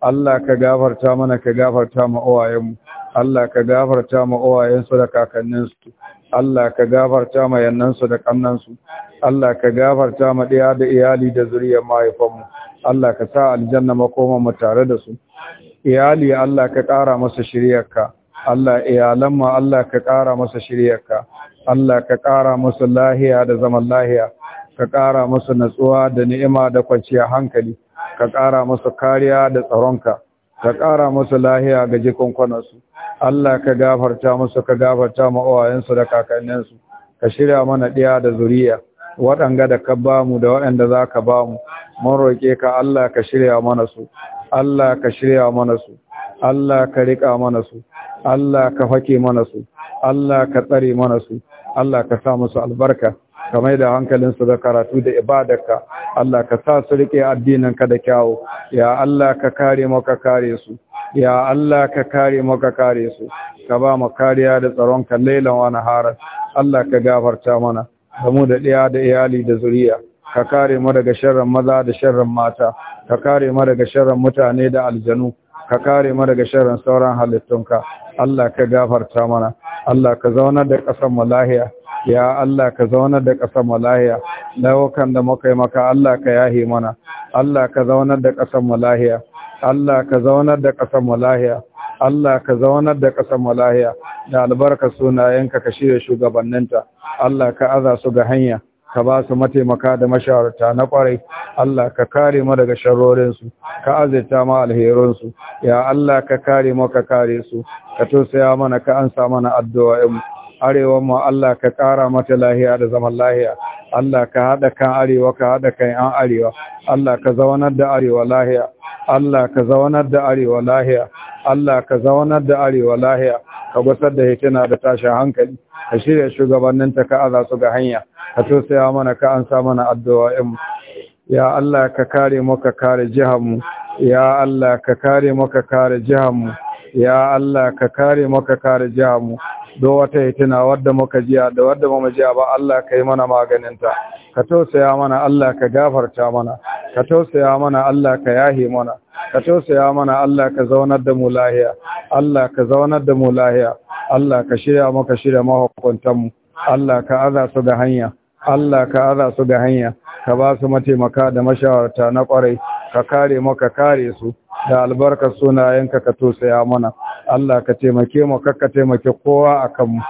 Allah ka gafarta mana ka gafarta ma uwayenmu. Allah ka gafarta ma uwayen su da kakannin su Allah ka gafarta ma yannansu da kannansu Allah ka gafarta ma ɗaya da iyali da zuriyar mahaifanmu Allah ka sa aljanna makoman mu tare da su iyali Allah ka ƙara masa shiryarka Allah iyalan Allah ka ƙara masa shiryarka Allah ka ƙara masa lahiya da zaman lahiya ka ƙara masa natsuwa da ni'ima da kwanciyar hankali ka ƙara masa kariya da tsaronka ka ƙara masa lahiya ga jikunkunansu Allah ka gafarta musu ka gafarta ma'uwayensu da kakanninsu ka shirya mana ɗiya da zuriya waɗanga da ka bamu da waɗanda za ka bamu mun roƙe ka Allah ka shirya mana su Allah ka shirya mana su Allah ka riƙa mana su Allah ka fake mana su Allah ka tsare mana su Allah ka sa musu albarka ka mai da hankalinsu da karatu da ibadarka Allah ka sa su riƙe ka da kyawu ya Allah ka kare maka kare su ya Allah ka kare maka kare su ka ba mu kariya da tsaron ka lailan wani harar Allah ka gafarta mana da mu da ɗaya da iyali da zuriya ka kare mu daga sharrin maza da sharrin mata ka kare mu daga sharrin mutane da aljanu ka kare mu daga sharrin sauran halittunka Allah ka gafarta mana Allah ka zaunar da ƙasar mu lahiya ya Allah ka zaunar da ƙasar mu lahiya laukan da muka yi maka Allah ka yahi mana Allah ka zaunar da ƙasar mu lahiya Allah ka zaunar da ƙasar mu lahiya Allah ka zaunar da ƙasar mu lahiya da albarka sunayenka ka shirya shugabanninta Allah ka aza su ga hanya ka ba su mataimaka da mashawarta na kwarai Allah ka kare mu daga su ka azirta mu alherinsu ya Allah ka kare mu ka kare su ka tausaya mana ka ansa mana 'yanmu. arewa mu Allah ka kara mata lahiya da zaman lahiya Allah ka haɗa kan arewa ka haɗa kan yan arewa Allah ka zaunar da arewa lahiya Allah ka zaunar da arewa lahiya Allah ka zaunar da arewa lahiya ka gusar da hikina da tashin hankali ka shirya shugabannin ta ka aza su ga hanya ka tosaya mana ka an ansa mana addu'o'in ya Allah ka kare mu ka kare jihar mu ya Allah ka kare mu ka kare jihar mu ya Allah ka kare mu ka kare jihar mu Do wata hitina wadda muka jiya da wadda ba mu jiya ba Allah ka yi mana maganinta ka tausaya mana Allah ka gafarta mana ka tausaya mana Allah ka yahe mana ka tausaya mana Allah ka zaunar da mu lahiya Allah ka zaunar da mu lahiya Allah ka shirya maka shirya mahukuntanmu Allah ka aza su ga hanya Allah ka aza su ga hanya ka ba su mataimaka da mashawarta na kwarai ka kare mu ka kare su da albarkar sunayenka ka tosaya mana Allah ka taimake mu kakka taimake kowa akan mu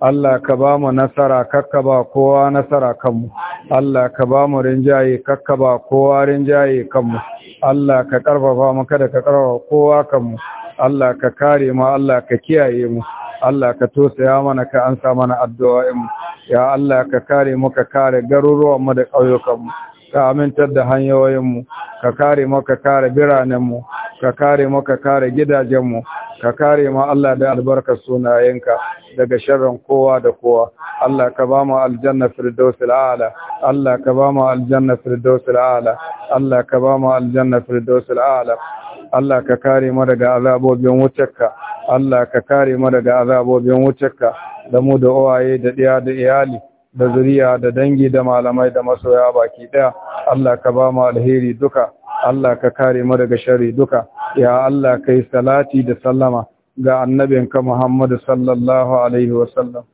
Allah ka ba mu nasara kakka ba kowa nasara kanmu Allah ka ba mu rinjaye kakka ba kowa rinjaye kanmu Allah ka karfafa mu kada ka karfafa kowa kanmu Allah ka kare mu Allah ka kiyaye mu Allah ka tosaya mana ka ansa mana addu'o'in mu ya Allah ka kare mu ka kare garuruwan mu da ƙauyukan mu ka amintar da hanyoyinmu ka kare mu ka kare biranenmu ka kare mu ka kare gidajenmu ka kare mu Allah da albarkar sunayenka daga sharrin kowa da kowa Allah ka ba mu aljanna firdausil a'la Allah ka ba mu aljanna firdausil a'la Allah ka ba mu aljanna firdausil a'la Allah ka kare mu daga azabobin wutarka Allah ka kare mu daga azabobin wutarka da mu da uwaye da ɗiya da iyali da zuriya da dangi da malamai da masoya baki daya Allah ka ba mu alheri duka Allah ka kare mu daga sharri duka ya Allah kai salati da sallama ga annabinka Muhammad sallallahu alaihi wasallam